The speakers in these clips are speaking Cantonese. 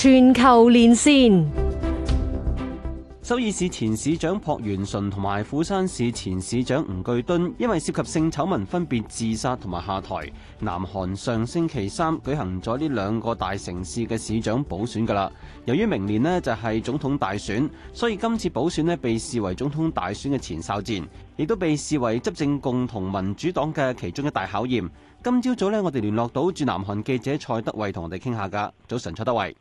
全球連線，首爾市前市長朴元淳同埋釜山市前市長吳巨敦，因為涉及性醜聞，分別自殺同埋下台。南韓上星期三舉行咗呢兩個大城市嘅市長補選㗎喇。由於明年呢就係總統大選，所以今次補選呢被視為總統大選嘅前哨戰，亦都被視為執政共同民主黨嘅其中一大考驗。今朝早呢，我哋聯絡到駐南韓記者蔡德蕙，同我哋傾下㗎。早晨，蔡德蕙。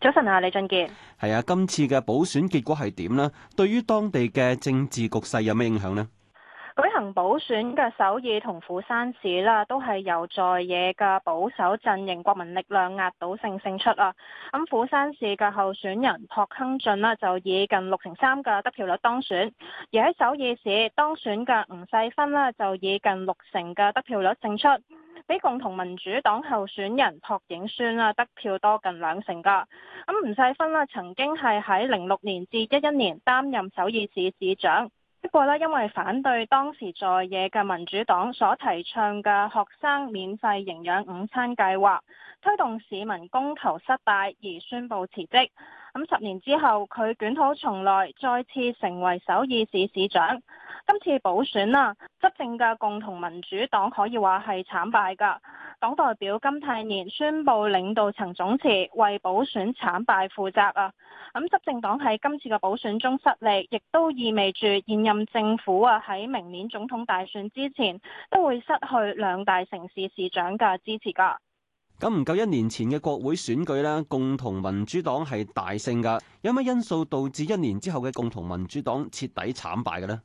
早晨啊，李俊傑。係啊，今次嘅補選結果係點呢？對於當地嘅政治局勢有咩影響呢？舉行補選嘅首爾同釜山市啦，都係由在野嘅保守陣營國民力量壓倒性勝，勝出啊。咁釜山市嘅候選人朴亨埈啦，就以近六成三嘅得票率當選。而喺首爾市當選嘅吳世勳啦，就以近六成嘅得票率勝出。比共同民主黨候選人朴映宣啊得票多近兩成噶。咁吳世勳啦，曾經係喺零六年至一一年擔任首爾市市長，不過咧，因為反對當時在野嘅民主黨所提倡嘅學生免費營養午餐計劃，推動市民公投失敗而宣布辭職。咁十年之後佢捲土重來，再次成為首爾市市長。今次補選啊，執政嘅共同民主黨可以話係慘敗噶。黨代表金泰年宣布領導層總辭，為補選慘敗負責啊。咁執政黨喺今次嘅補選中失利，亦都意味住現任政府啊喺明年總統大選之前都會失去兩大城市市長嘅支持噶。咁唔夠一年前嘅國會選舉咧，共同民主黨係大勝噶。有乜因素導致一年之後嘅共同民主黨徹底慘敗嘅呢？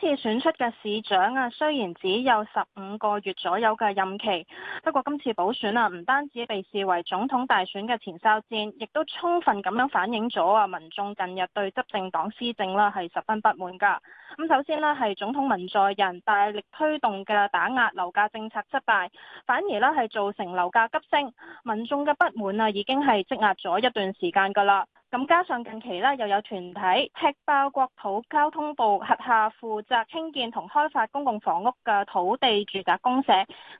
次選出嘅市長啊，雖然只有十五個月左右嘅任期，不過今次補選啊，唔單止被視為總統大選嘅前哨戰，亦都充分咁樣反映咗啊民眾近日對執政黨施政啦係十分不滿㗎。咁首先咧係總統文在寅大力推動嘅打壓樓價政策失敗，反而咧係造成樓價急升，民眾嘅不滿啊已經係積壓咗一段時間㗎啦。咁加上近期呢，又有團體踢爆國土交通部轄下負責興建同開發公共房屋嘅土地住宅公社，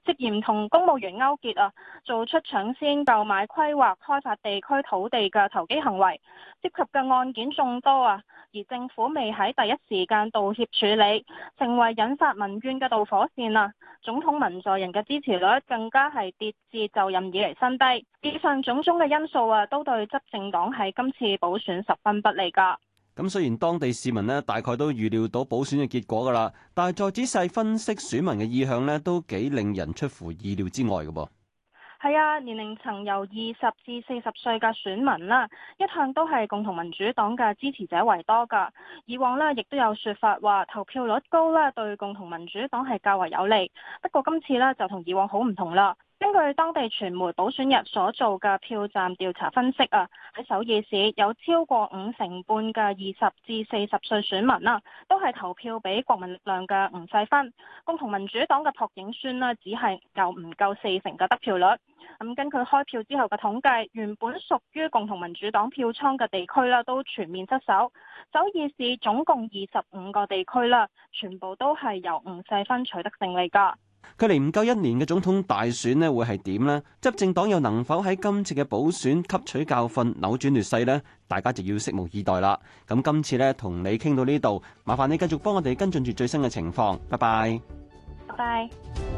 涉嫌同公務員勾結啊，做出搶先購買規劃開發地區土地嘅投機行為，涉及嘅案件眾多啊！而政府未喺第一時間道歉處理，成為引發民怨嘅導火線啊，總統文在寅嘅支持率更加係跌至就任以嚟新低。以上種種嘅因素啊,都對執政黨喺今次補選十分不利噶。咁雖然當地市民呢，大概都預料到補選嘅結果噶啦，但係再仔細分析選民嘅意向呢，都幾令人出乎意料之外噶噃。係啊，年齡層由二十至四十歲嘅選民啦，一向都係共同民主黨嘅支持者為多噶以往呢，亦都有說法話投票率高啦，對共同民主黨係較為有利。不過今次呢，就同以往好唔同啦。根據當地傳媒補選日所做嘅票站調查分析啊，喺首爾市有超過五成半嘅二十至四十歲選民啦，都係投票俾國民力量嘅吳世勳，共同民主黨嘅朴映宣啦，只係夠唔夠四成嘅得票率。咁根據開票之後嘅統計，原本屬於共同民主黨票倉嘅地區啦，都全面失守。首爾市總共二十五個地區啦，全部都係由吳世勳取得勝利噶。距離唔夠一年嘅總統大選呢會係點呢？執政黨又能否喺今次嘅補選，吸取教訓，扭轉劣勢呢？大家就要拭目以待啦。咁，今次呢，同你傾到呢度，麻煩你繼續幫我哋跟進住最新嘅情況。拜拜，拜拜。